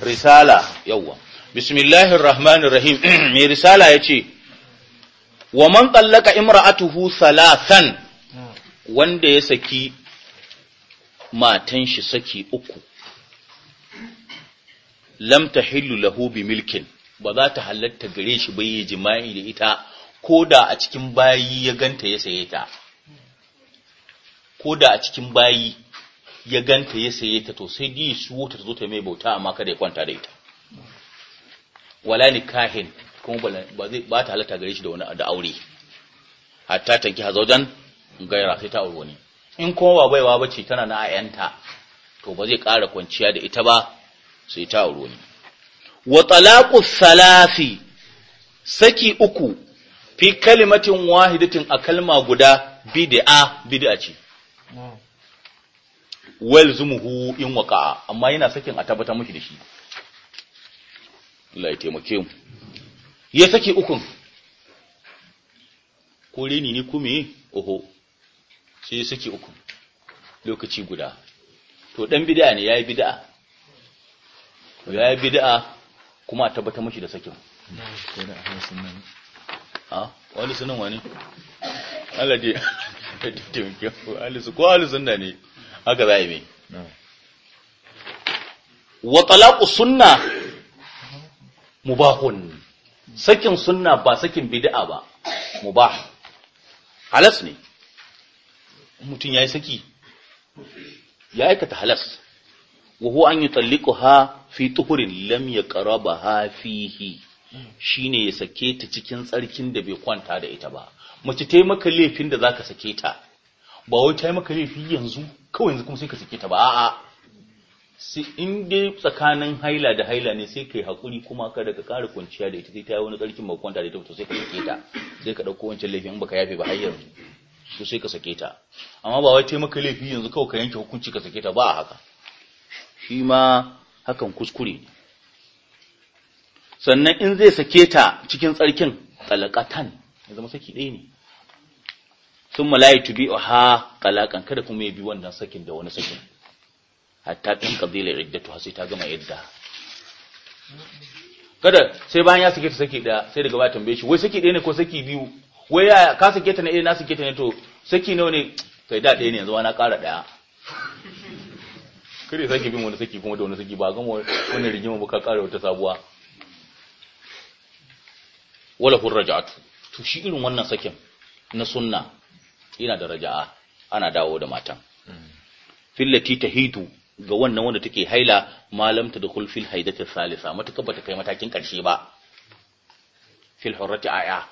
risala yawwa bismillahir rahmanir rahim Me risala yace wa man tallaka imra'atuhu salasan wanda ya saki matan shi saki uku lam tahillu lahu bi milkin ba za ta halatta gare shi ba yi jima'i da ita koda a cikin bayi ya ganta ya saye ta koda a cikin bayi ya ganta ya saye ta to sai dai su ta zo ta mai bauta amma kada ya kwanta da ita wala kahin, kuma ba zai ba ta halatta gare shi da wani da aure hatta ta ki hazojan gaira sai ta aure wani in kuma ba baiwa bace tana na ayanta to ba zai ƙara kwanciya da ita ba sai ta aure wani wa talaqu salasi saki uku fi kalimatin wahidatin a kalma guda bid'a bid'a ce walzumuhu in waqa amma yana sakin a tabbata miki da shi Allah ya taimake mu ya sake ukun ko reni ne kuma oho sai ya sake ukun lokaci guda to dan bid'a ne yayi bid'a yayi bid'a kuma tabbata miki da sakin a wani sunan wani Allah dai taimake mu alisu ko alisun da ne haka za a yi mai wa talaku sunna mubahun sakin sunna ba sakin bidi'a ba mubah halas ne mutum ya yi saki ya aikata halas wa huwa an ha fi tuhurin lam yaqrabaha fihi ne ya sake ta cikin tsarkin da bai kwanta da ita ba mace taimaka laifin da za ka sake ta ba wai ta yi maka laifi yanzu kawai yanzu kuma sai ka sake ta ba a'a sai in dai tsakanin haila da haila ne sai kai hakuri kuma ka ka ƙara kwanciya da ita sai ta yi wani tsarkin ba kwanta da ita to sai ka sake ta sai ka ɗauko wancan laifin in baka yafe ba har yanzu to sai ka sake ta amma ba wai ta yi maka laifi yanzu kawai ka yanke hukunci ka sake ta ba a haka shi ma hakan kuskure ne sannan in zai sake ta cikin tsarkin talakatan ya zama saki ɗaya ne sun malayi tubi ha kalakan kada kuma ya bi wannan sakin da wani sakin hatta tun kazila iddatu har sai ta gama yadda kada sai bayan ya sake ta saki da sai daga baya tambaye shi wai saki ɗaya ne ko saki biyu wai ya ka sake ta na ɗaya eh, na sake ta ne to saki nawa ne kai da ɗaya ne yanzu na ƙara ɗaya kare saki bin wani saki kuma da wani saki ba gama wani rigima ba ka ƙara wata sabuwa wala ja'atu to shi irin wannan sakin na sunna ina da raja'a ana dawo da matan hmm. fillati hitu ga wannan wanda take haila malamta da dukul fil salisa matuka bata kai matakin karshe ba fil hurrati aya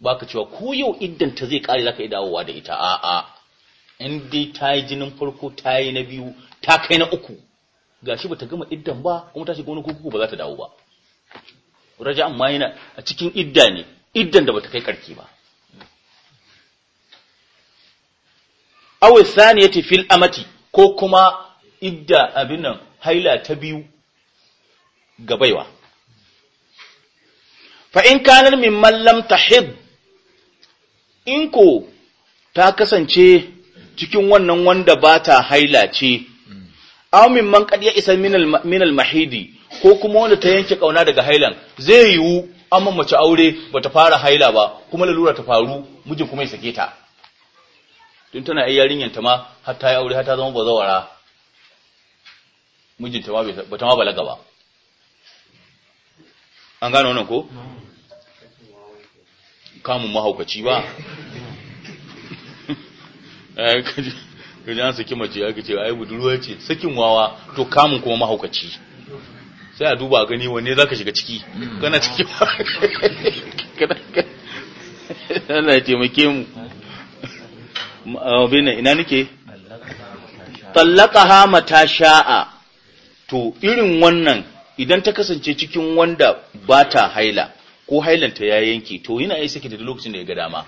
baka cewa ko yau iddan ta zai kare zaka yi dawowa da ita a a in dai ta yi jinin farko ta yi na biyu ta kai na uku gashi bata gama iddan ba kuma ta shiga wani kuku ba za ta dawo ba raja'an ma yana a cikin idda ne iddan da bata kai karki ba Sani ya fil amati ko kuma idda abin nan haila ta biyu ga baiwa fa in kanar mimman lam in ko ta kasance cikin wannan wanda ba ta haila ce aw mimman qad ya isa min al mahidi ko kuma wanda ta yanke kauna daga hailan zai yiwu amma mace aure bata fara haila ba kuma lalura ta faru mijin kuma ya sake ta tun tana yi yarinyar ta ma har ta yi aure har ta zama bazawara mijinta ma ba ta ma balaga ba an gano wannan ko kamun mahaukaci ba kaji an saki mace ya ce ai budurwa ce sakin wawa to kamun kuma mahaukaci sai a duba gani wanne zaka shiga ciki kana ciki ba. Allah ya taimake mu Eh, abin ina nake hama mata sha'a to irin wannan idan ta kasance cikin wanda ba ta haila ko hailanta ya yanke to yana yi sake da lokacin da ya ga dama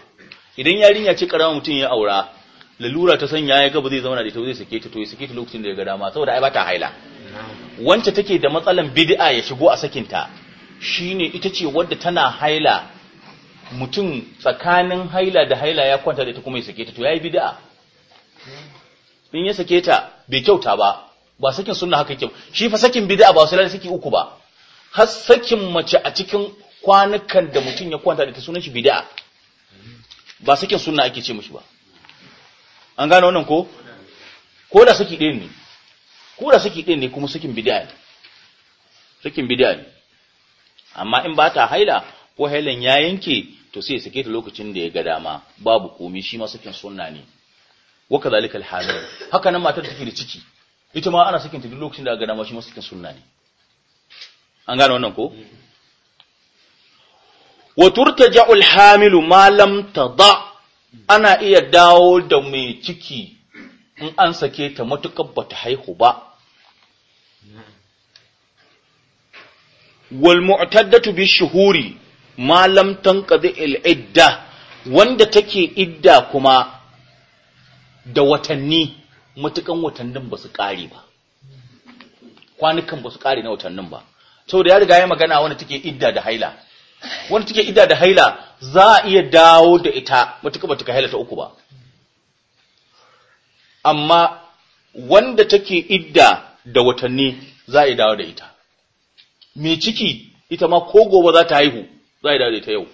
idan yarinya ce ƙarama mutum ya aura lalura ta sanya ya ga zai zauna da ita zai sake ta to ya sake ta lokacin da ya ga dama saboda ai ba ta haila wance take da matsalan bid'a ya shigo a sakinta shine ita ce wadda tana haila mutum tsakanin haila da haila ya kwanta da ita kuma ya sake ta to yayi bid'a in ya sake ta bai kyauta ba ba sakin sunna haka yake shi fa sakin bid'a ba sai saki uku ba har sakin mace a cikin kwanukan da mutum ya kwanta da ita sunan shi bid'a ba sakin sunna ake ce mishi ba an gane wannan ko ko da saki ɗin ne ko da saki ɗin ne kuma sakin bid'a ne sakin bid'a ne amma in ba ta haila ko hailan ya yanke to sai ya sake ta lokacin da ya ga dama babu komi shi ma sakin sunna ne wa kadhalika al haka nan matar take da ciki ita ma ana sakin ta duk lokacin da ga dama shi ma sakin sunna ne an gane wannan ko wa turtaja'u hamilu ma lam tada ana iya dawo da mai ciki in an sake ta matukar bata haihu ba wal mu'taddatu bi shuhuri malam tanqadi al-idda wanda take idda kuma da watanni matukan watannin ba su kare ba kwanukan ba su kare na watannin ba saboda ya riga ya magana wanda take idda da haila wanda take idda da haila za a iya dawo da ita matuka ba ta haila ta uku ba amma wanda take idda da watanni za a dawo da ita mai ciki ita ma ko gobe za ta haihu za a ta yau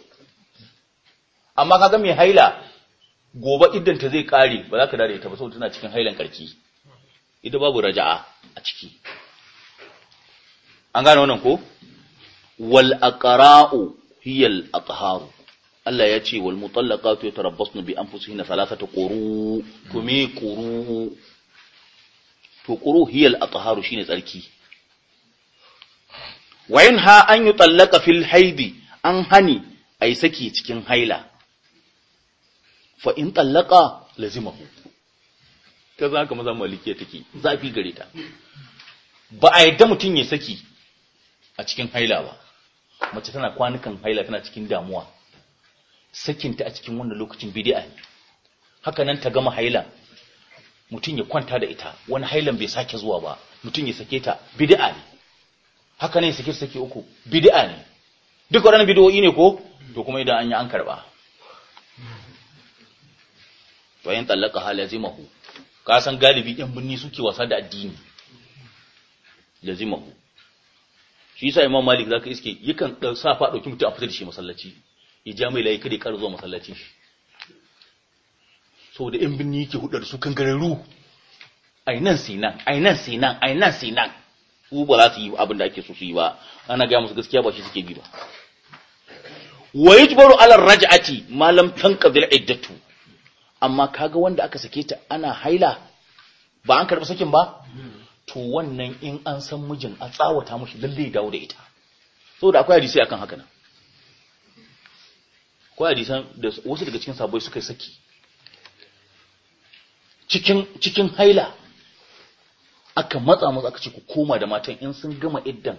amma kaga mai haila gobe idan ta zai kare ba za ka dare ta ba saboda tana cikin hailan karki ita babu raja'a a ciki an gane wannan ko wal aqra'u hiya al atharu Allah ya ce wal mutallaqatu yatarabbasna bi anfusihinna thalathata quru kumi quru to quru hiya al atharu shine tsarki wa yanha an yutallaka fil haidi an hani a saki cikin haila fa in tallaka ku ta za ka maza malikiya take zafi gare ta ba a yadda mutum ya saki a cikin haila ba mace tana kwanukan haila tana cikin damuwa sakinta a cikin wannan lokacin bidi'a ne haka nan ta gama haila mutum ya kwanta da ita wani hailan bai sake zuwa ba mutum ya sake ta bidi'a ne haka ne sake sake uku bidi'a ne duk waɗannan bidiyoyi ne ko to kuma idan an yi an karba to yin tallaka yazimahu ka san galibi ɗan binni suke wasa da addini yazimahu shi yasa imam malik zaka iske yakan sa fa dauki mutum a fita da shi masallaci ya ja mai layi kada ya ƙara zuwa masallaci, shi da ɗan binni yake huɗa da su kangararru ainan sinan ainan sinan ainan sinan su ba za su yi abin da ake so su yi ba ana ga musu gaskiya ba shi suke bi ba wa yajbaru ala raj'ati ma lam tanqadil iddatu amma kaga wanda aka sake ta ana haila ba an karba sakin ba to wannan in an san mijin a tsawata mashi lalle dawo da ita saboda akwai hadisi akan haka nan akwai hadisan da wasu daga cikin sabai suka saki cikin cikin haila aka matsa musu aka ce ku koma da matan in sun gama iddan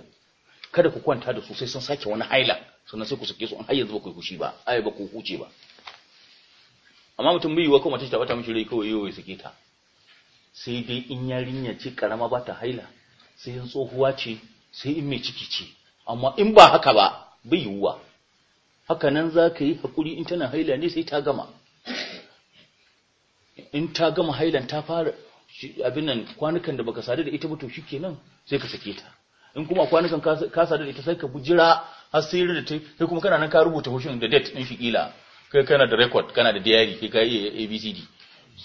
kada ku kwanta da su sai sun sake wani haila sannan sai ku sake su An yanzu ba ku kushi ba ai ba ku huce ba amma mutum bai yiwa kuma ta bata miki rai kawai yau sake ta sai dai in yarinya ce karama bata haila sai in tsohuwa ce sai in mai ciki ce amma in ba haka ba bai yiwuwa haka nan za ka yi hakuri in tana haila ne sai ta gama in ta gama hailan ta fara abin nan kwanukan da baka sadu da ita ba to shikenan sai ka sake ta in kuma kwanukan ka sadu da ita sai ka bujira asiri da ta yi. kuma kana nan ka rubuta hushin da date din shi kila kai kana da record kana da diary kai ka iya abcd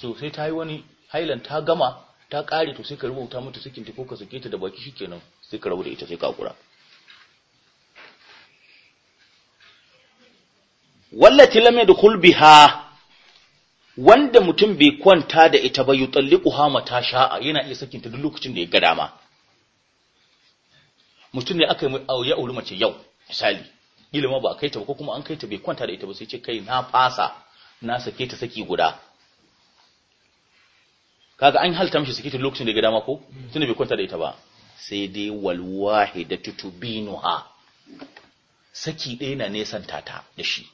so sai ta yi wani highland ta gama ta kare to sai ka rubuta mata sakin ta ko ka sake ta da baki shikenan sai ka rabu da ita sai ka kura wallati lam yadkhul biha wanda mutum bai kwanta da ita ba yutalliquha mata sha'a yana iya sakin ta duk lokacin da ya ga dama mutum ne aka yi ya auri mace yau misali ilima ba kai ta ba ko kuma an kai ta bai kwanta da ita ba sai ce kai na fasa na sake ta saki guda kaga an halta mishi saki ta lokacin da ga dama ko tunda bai kwanta da ita ba sai dai wal wahidatu tubinuha saki ɗaya na nesan tata da shi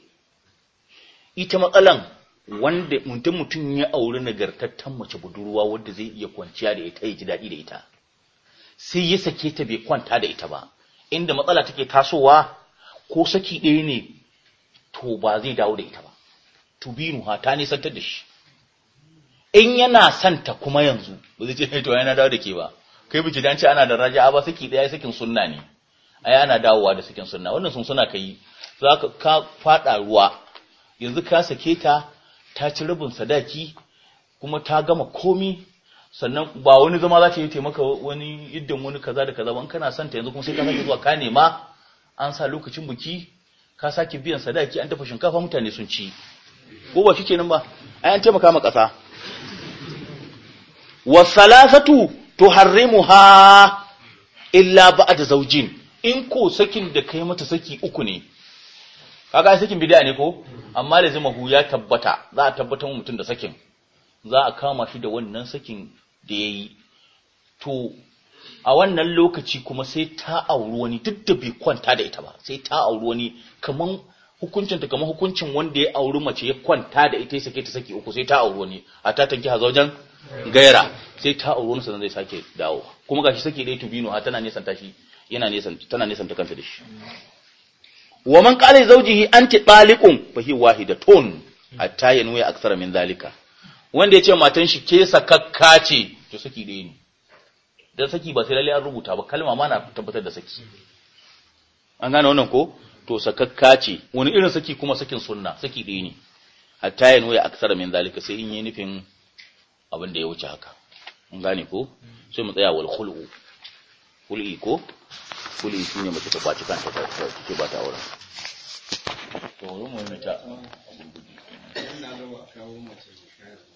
ita matsalan wanda mutum mutum ya auri nagartattan mace budurwa wadda zai iya kwanciya da ita ya ji daɗi da ita sai ya sake ta bai kwanta da ita ba inda matsala take tasowa ko saki ɗaya ne to ba zai dawo da ita ba To tubinu ha ta nisantar da shi in yana santa kuma yanzu ba zai ce to yana dawo da ke ba kai biki dan ce ana da raja'a ba saki ɗaya sakin sunna ne ai ana dawowa da sakin sunna wannan sun suna kai za ka ka fada ruwa yanzu ka sake ta ta ci rubun sadaki kuma ta gama komi sannan ba wani zama za ta yi taimaka wani iddin wani kaza da kaza ban kana son ta yanzu kuma sai ka sake zuwa ka nema an sa lokacin buki ka sake biyan sadaki an dafa shinkafa mutane sun ci ko ba nan ba ai an taimaka ma kasa wa salasatu tuharrimuha illa ba'da zawjin in ko sakin da kai mata saki uku ne kaga sakin bid'a ne ko amma da zama ya tabbata za a tabbatar mutum da sakin za a kama shi da wannan sakin da ya yi to a wannan lokaci kuma sai ta auri wani duk da bai kwanta da ita ba sai ta auri wani kaman ta kaman hukuncin wanda ya auri mace ya kwanta da ita ya sake ta saki uku sai ta auri wani a ta tanki hazo wajen gaira sai ta auri wani sannan zai sake dawo kuma gashi sake dai tubino a tana nisan tashi yana tana nisan ta kanta da shi wa man qala zawjihi anti taliqun fa hi wahidatun hatta yanwi akthara min zalika wanda yace matan shi ke sakakka ce to saki dai ne dan saki ba sai lalle an rubuta ba kalma ma na tabbatar da saki an gane wannan ko to sakakka ce wani irin saki kuma sakin sunna saki dai ne hatta ya noya aksara min zalika sai in yi nufin abin da ya wuce haka an gane ko sai mu tsaya wal khul'u kul'i ko kul'i shi ne mace ta kwaci kanta ta ce ba ta auren to mu ta